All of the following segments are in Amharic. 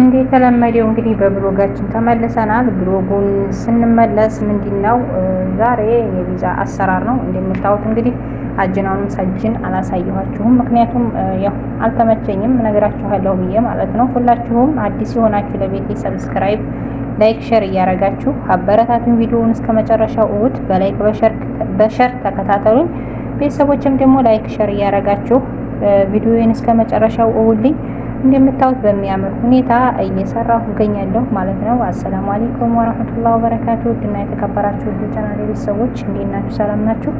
እንደተለመደው እንግዲህ በብሎጋችን ተመልሰናል። ብሎጉን ስንመለስ ምንድነው ዛሬ የቪዛ አሰራር ነው እንደምታዩት እንግዲህ አጅናውንም ሳጅን አላሳየኋችሁም፣ ምክንያቱም ያው አልተመቸኝም፣ እነግራችኋለሁ ብዬ ማለት ነው። ሁላችሁም አዲስ የሆናችሁ ለቤቴ ሰብስክራይብ፣ ላይክ፣ ሸር እያረጋችሁ አበረታቱን። ቪዲዮውን እስከ መጨረሻው እዩት፣ በላይክ በሸር ተከታተሉኝ። ቤተሰቦችም ደግሞ ላይክ ሸር እያረጋችሁ ቪዲዮውን እስከ መጨረሻው እዩልኝ። እንደምታዩት በሚያምር ሁኔታ እየሰራሁ እገኛለሁ ማለት ነው። አሰላሙ አሌይኩም ወረህመቱላሂ ወበረካቱ ውድና የተከበራችሁ ቻናል ቤተሰቦች እንዴት ናችሁ? ሰላም ናችሁ?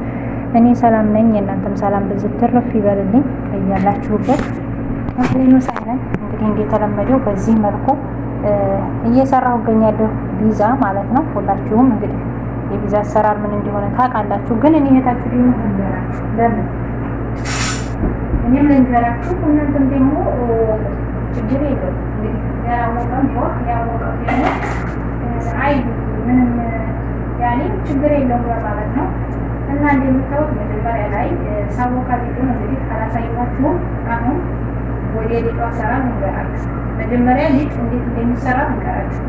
እኔ ሰላም ነኝ። የእናንተም ሰላም ብዝት ትርፍ ይበልልኝ እያላችሁበት ሌኑ ሳይለን እንግዲህ እንደተለመደው በዚህ መልኩ እየሰራሁ እገኛለሁ ቪዛ ማለት ነው። ሁላችሁም እንግዲህ የቪዛ አሰራር ምን እንደሆነ ታውቃላችሁ። ግን እኔ እህታችሁ ደግሞ ለምን እኔም ልንገራችሁ፣ እናንተም ደግሞ ችግር የለውም እንግዲህ ያላወቀም ቢሆን ያወቀም ደግሞ አይ ምንም ያኔ ችግር የለውም በማለት ነው። እና እንደምታወቅ መጀመሪያ ላይ ሳቦካ ቪዲዮን እንግዲህ አላሳይኋችሁም። አሁን ወደ ሊጡ አሰራር እንገራችሁ። መጀመሪያ ሊጥ እንዴት እንደሚሰራ እንገራችሁ።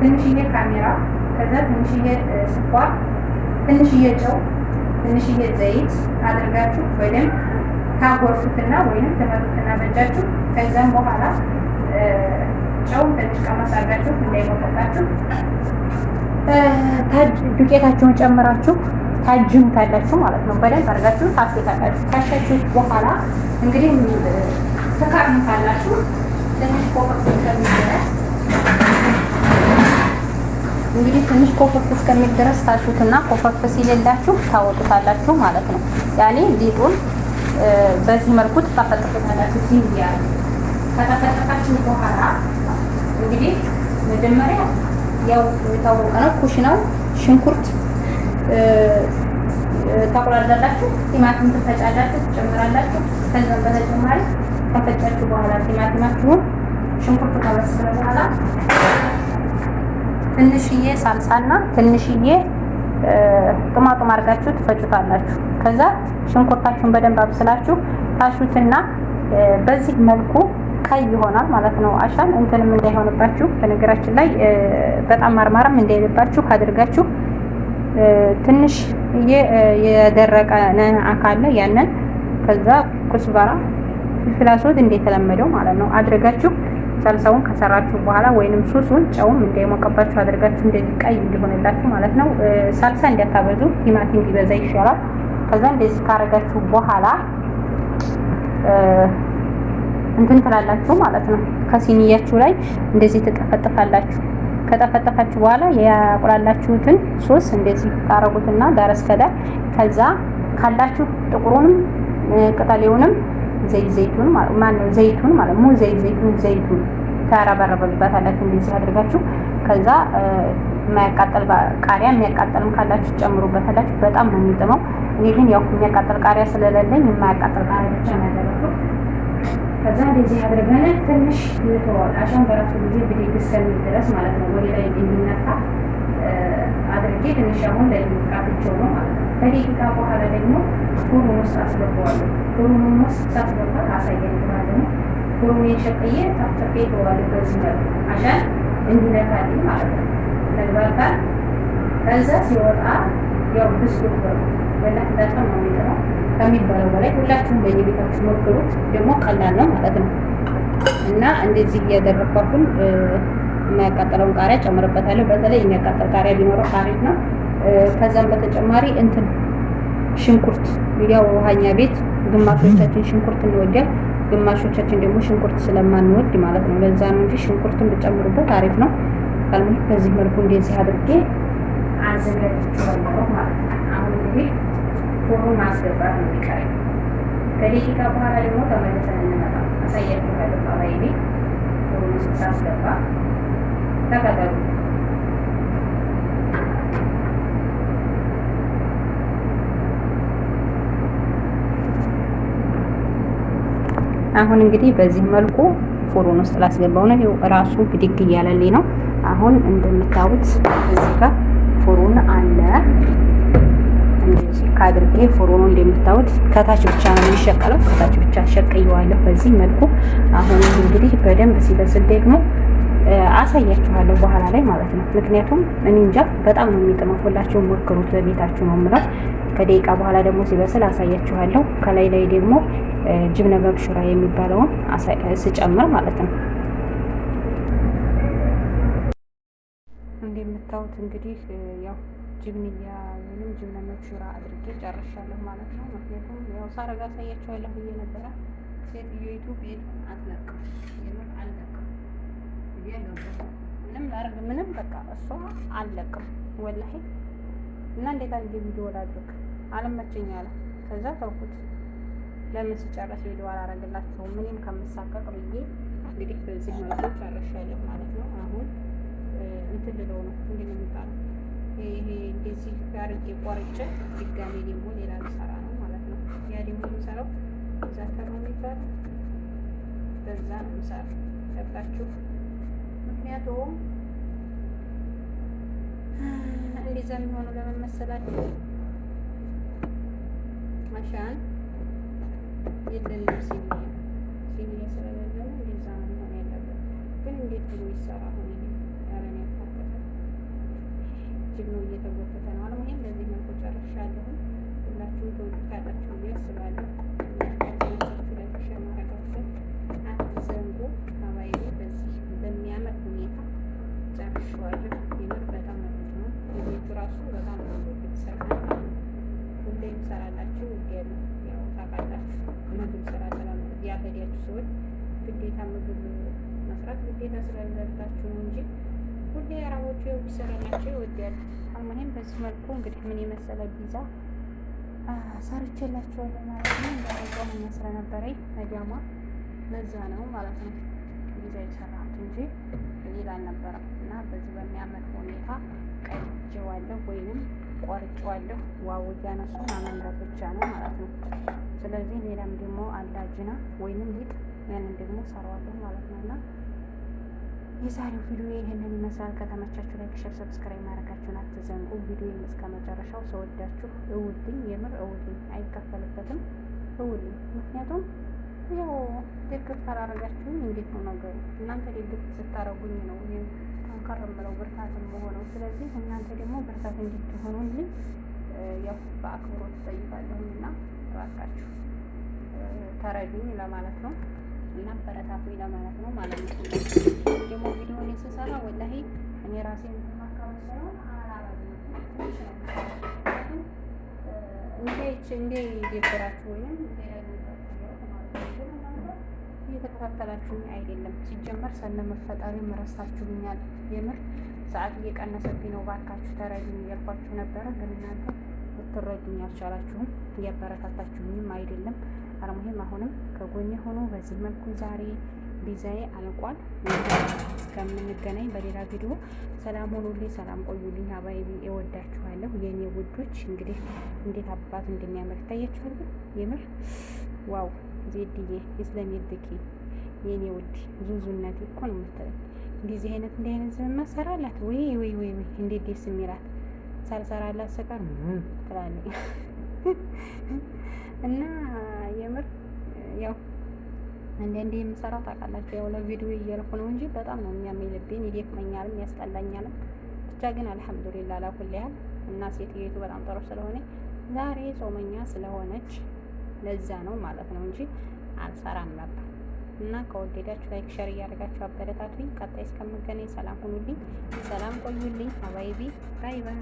ትንሽዬ ካሜራ፣ ከዛ ትንሽዬ ስኳር፣ ትንሽዬ ጨው ትንሽዬ ዘይት አድርጋችሁ በደንብ ታጎርፉትና ወይም ትመጡትና በእጃችሁ ከዛም በኋላ ጨው ትንሽ ቀመስ አድርጋችሁ እንዳይሞቀጣችሁ ዱቄታችሁን ጨምራችሁ ካላችሁ ማለት ነው። በደንብ አድርጋችሁ ታስታላችሁ። ካሻችሁት በኋላ እንግዲህ ካላችሁ ትንሽ ፎቅ ስለሚደረስ እንግዲህ ትንሽ ኮፈፍ እስከሚል ድረስ ታሹትና ኮፈፍ ሲሌላችሁ ታወጡታላችሁ ማለት ነው። ያኔ ሊጡን በዚህ መልኩ ትጣፈጥፍታላችሁ። ሲ ከተፈጠፋችሁ በኋላ እንግዲህ መጀመሪያ ያው የታወቀ ነው። ኩሽ ነው ሽንኩርት ታቁላላላችሁ፣ ቲማቲም ትፈጫላችሁ፣ ትጨምራላችሁ። ከዛም በተጨማሪ ከፈጫችሁ በኋላ ቲማቲማችሁን ሽንኩርት ከበሰለ በኋላ ትንሽዬ ሳልሳና ትንሽዬ ጥማጥም አድርጋችሁ ትፈጩታላችሁ። ከዛ ሽንኩርታችሁን በደንብ አብስላችሁ ታሹትና በዚህ መልኩ ቀይ ይሆናል ማለት ነው። አሻን እንትንም እንዳይሆንባችሁ በነገራችን ላይ በጣም ማርማርም እንዳይልባችሁ ካድርጋችሁ ትንሽ የደረቀ አካለ ያንን ከዛ ኩስበራ ፍላሶት እንደተለመደው ማለት ነው አድርጋችሁ ሰልሰውን ከሰራችሁ በኋላ ወይንም ሱሱን ጨውም እንዳይሞቀባችሁ አድርጋችሁ እንደዚህ ቀይ እንዲሆንላችሁ ማለት ነው። ሳልሳ እንዲያታበዙ ቲማቲም ቢበዛ ይሻላል። ከዛ እንደዚህ ካረጋችሁ በኋላ እንትን ትላላችሁ ማለት ነው። ከሲኒያችሁ ላይ እንደዚህ ትጠፈጥፋላችሁ። ከጠፈጠፋችሁ በኋላ ያቁላላችሁትን ሶስ እንደዚህ ታረጉትና ዳር እስከ ከዛ ካላችሁ ጥቁሩንም ቅጠሌውንም ዘይት ዘይቱን ማለት ማነው ዘይቱን ማለት ሙ ዘይት ዘይቱን ዘይቱን ታረበረበባታላችሁ እንደዚህ አድርጋችሁ ከዛ የማያቃጠል ቃሪያ የሚያቃጠልም ካላችሁ ጨምሩበታላችሁ። በጣም ነው የሚጥመው። እኔ ግን ያው የሚያቃጠል ቃሪያ ስለሌለኝ የማያቃጠል ቃሪያ ብቻ ነው ያደረኩት። ከዛ እንደዚህ አድርገን ትንሽ ይተዋል። አሻም በራሱ ጊዜ ብድግ እስከሚል ድረስ ማለት ነው። ወደ ላይ እንዲነካ አድርጌ ትንሽ አሁን ላይ ቃፍቸው ነው ማለት ነው ከደቂቃ በኋላ ደግሞ ፎርሙን ውስጥ አስገባዋለሁ። ፎርሙን ውስጥ ሳስገባ አሳያል ማለት ነው። ፎርሙን የሸቀየ ታፍተፌ ተዋለ በዚህ መልኩ አሻል እንዲነካል ማለት ነው። ተግባርታል። ከዛ ሲወጣ ያው ብስኩት በሩ በላክ በጣም ነው የሚጠራው ከሚባለው በላይ ሁላችሁም በየቤታችሁ ሞክሩት። ደግሞ ቀላል ነው ማለት ነው እና እንደዚህ እያደረግኳኩን የሚያቃጠለውን ቃሪያ ጨምርበታለሁ። በተለይ የሚያቃጠል ቃሪያ ቢኖረው አሪፍ ነው። ከዛም በተጨማሪ እንትን ሽንኩርት ያው ውሃኛ ቤት ግማሾቻችን ሽንኩርት እንወዳል፣ ግማሾቻችን ደግሞ ሽንኩርት ስለማንወድ ማለት ነው። ለዛ ነው እንጂ ሽንኩርትን ብጨምሩበት አሪፍ ነው። ካልሚ በዚህ መልኩ እንደዚህ አድርጌ አዘጋጅቼዋለሁ ማለት ነው። አሁን እንግዲህ ዶሮ ማስገባት ነው የሚቀረኝ። ከደቂቃ በኋላ ደግሞ ተመልሰን እንመጣ አሳያችኋለሁ። ባባይቤ ዶሮ ስሳስገባ ተከተሉ አሁን እንግዲህ በዚህ መልኩ ፎሮን ውስጥ ላስገባው ነው። ይሄው ራሱ ብድግ እያለልኝ ነው። አሁን እንደምታዩት እዚህ ጋር ፎሮን አለ። እንደዚህ ካድርጌ ፎሮኑ እንደምታዩት ከታች ብቻ ነው የሚሸቀለው። ከታች ብቻ ሸቀየዋለሁ በዚህ መልኩ። አሁን እንግዲህ በደንብ ሲበስል ደግሞ አሳያችኋለሁ በኋላ ላይ ማለት ነው። ምክንያቱም እኔ እንጃ በጣም ነው የሚጥመው። ሁላችሁም ሞክሩት፣ በቤታችሁ ነው የምለው። ከደቂቃ በኋላ ደግሞ ሲበስል አሳያችኋለሁ። ከላይ ላይ ደግሞ ጅብነ ሹራ የሚባለውን ስጨምር ማለት ነው። እንደምታዩት እንግዲህ ያው ጅብንያ ወይም ጅብነ ሹራ አድርጌ ጨርሻለሁ ማለት ነው። ምክንያቱም ያው ሳረጋ አሳያችኋለሁ ብዬ ነበረ። ሴትዮቱ ቤት አትለቅም፣ የምር አልለቅም ምንም ላርግ ምንም በቃ እሷ አልለቅም ወላሂ እና እንዴት አድርጌ ቪዲዮ ላድርግ አልመቸኝ አለ። ከዛ ተውኩት። ለምን ስጨርስ ቪዲዮ አላረግላችሁም ምንም ከምሳቀቅ ብዬ እንግዲህ በዚህ መልኩ ጨርሻለሁ ማለት ነው። አሁን እንትን ልለው ነው እንግዲህ የሚባለው ይሄ እንደዚህ አድርጌ ቆርጬ ድጋሜ ደግሞ ሌላ ልሰራ ነው ማለት ነው። ያ ደግሞ የሚሰራው ዛተር ነው የሚባለው በዛ ነው የምሰራው ገባችሁ? ምክንያቱም እንደዛ የሚሆነው ለምን መሰላችሁ? ሀበሻን የለንም ሲኒ ሲኒ ስለሌለው እንደዛ ነው መሆን ያለበት። ግን እንዴት ብሎ ይሰራ ሆነ ያለን ያካተታል እጅግ ነው እየተጎተተ ነው። አለሙሄም በዚህ መልኩ ጨርሻለሁ። ሁላችሁም ተወዱታላችሁ ብዬ አስባለሁ። ናቸው፣ ስር ናቸው ይወዳል። አልሙኒም በዚህ መልኩ እንግዲህ ምን የመሰለ ፒዛ ሰርቼላችኋለሁ ማለት ነው። እንዳረቀው ነው መስለ ነበረ መዲያማ በዛ ነው ማለት ነው ቢዛ የሰራሁት እንጂ ሌላ አልነበረም። እና በዚህ በሚያምር ሁኔታ ቀይቼዋለሁ ወይንም ቆርጬዋለሁ። ዋው ያነሱ ማመንበር ብቻ ነው ማለት ነው። ስለዚህ ሌላም ደግሞ አላጅና ወይንም ሊጥ ያንን ደግሞ ሰራዋለሁ ማለት ነው እና የዛሬው ቪዲዮ ይህንን ይመስላል። ከተመቻችሁ ላይክ፣ ሸር፣ ሰብስክራይብ ማድረጋችሁን አትዘንጉ። ቪዲዮ እስከ መጨረሻው ሰወዳችሁ እውልኝ፣ የምር እውልኝ፣ አይከፈልበትም እውልኝ። ምክንያቱም ያው ደግፍ ካላረጋችሁኝ እንዴት ነው ነገሩ? እናንተ ደግፍ ስታረጉኝ ነው ወይም ጠንከር የምለው ብርታትም መሆነው። ስለዚህ እናንተ ደግሞ ብርታት እንዲትሆኑልኝ ያው በአክብሮት እጠይቃለሁኝ እና እባካችሁ ተረዱኝ ለማለት ነው እና በረታቱኝ ለማለት ነው ማለት ነው። እንደ የደበራችሁ ወይም እየተከታተላችሁ አይደለም። ሲጀመር ስለመፈጠሪ መረሳችሁኛል። የምር ሰዓት እየቀነሰብኝ ነው፣ ባካችሁ ተረዱኝ እያልኳችሁ ነበረ። ግን እናንተ ልትረዱኝ አልቻላችሁም። እያበረታታችሁኝም አይደለም። አለሙሄም አሁንም ከጎኔ ሆኖ በዚህ መልኩ ዛሬ ቪዛዬ አልቋል። እስከምንገናኝ በሌላ ቪዲዮ ሰላም ሆኑልኝ፣ ሰላም ቆዩልኝ። አባይቢ እወዳችኋለሁ የእኔ ውዶች። እንግዲህ እንዴት አባት እንደሚያምር ይታያችኋል። የምር ዋው! ዜድዬ ይስለሚልኪ የእኔ ውድ ዙዙነት እኮ ነው የምትለኝ። እንደዚህ አይነት እንዲህ አይነት ዘመን ሰራላት ወይ ወይ ወይ ወይ እንዴት ደስ የሚላት ሳልሰራላት ሰቀር ትላለች እና የምር ያው አንዳንዴ የምሰራው ታውቃላችሁ፣ ያው ለቪዲዮ እየልኩ ነው እንጂ በጣም ነው የሚያመልብኝ፣ ይደክመኛልም ያስጠላኛልም። ብቻ ግን አልሐምዱሊላህ አላኩል ያህል እና ሴትዮቱ በጣም ጥሩ ስለሆነ ዛሬ ጾመኛ ስለሆነች ለዛ ነው ማለት ነው እንጂ አልሰራም ነበር። እና ከወደዳችሁ ላይክ፣ ሸር እያደረጋችሁ አበረታቱኝ። ቀጣይ እስከምገናኝ ሰላም ሁኑልኝ፣ ሰላም ቆዩልኝ። አባይቢ ባይ ባይ።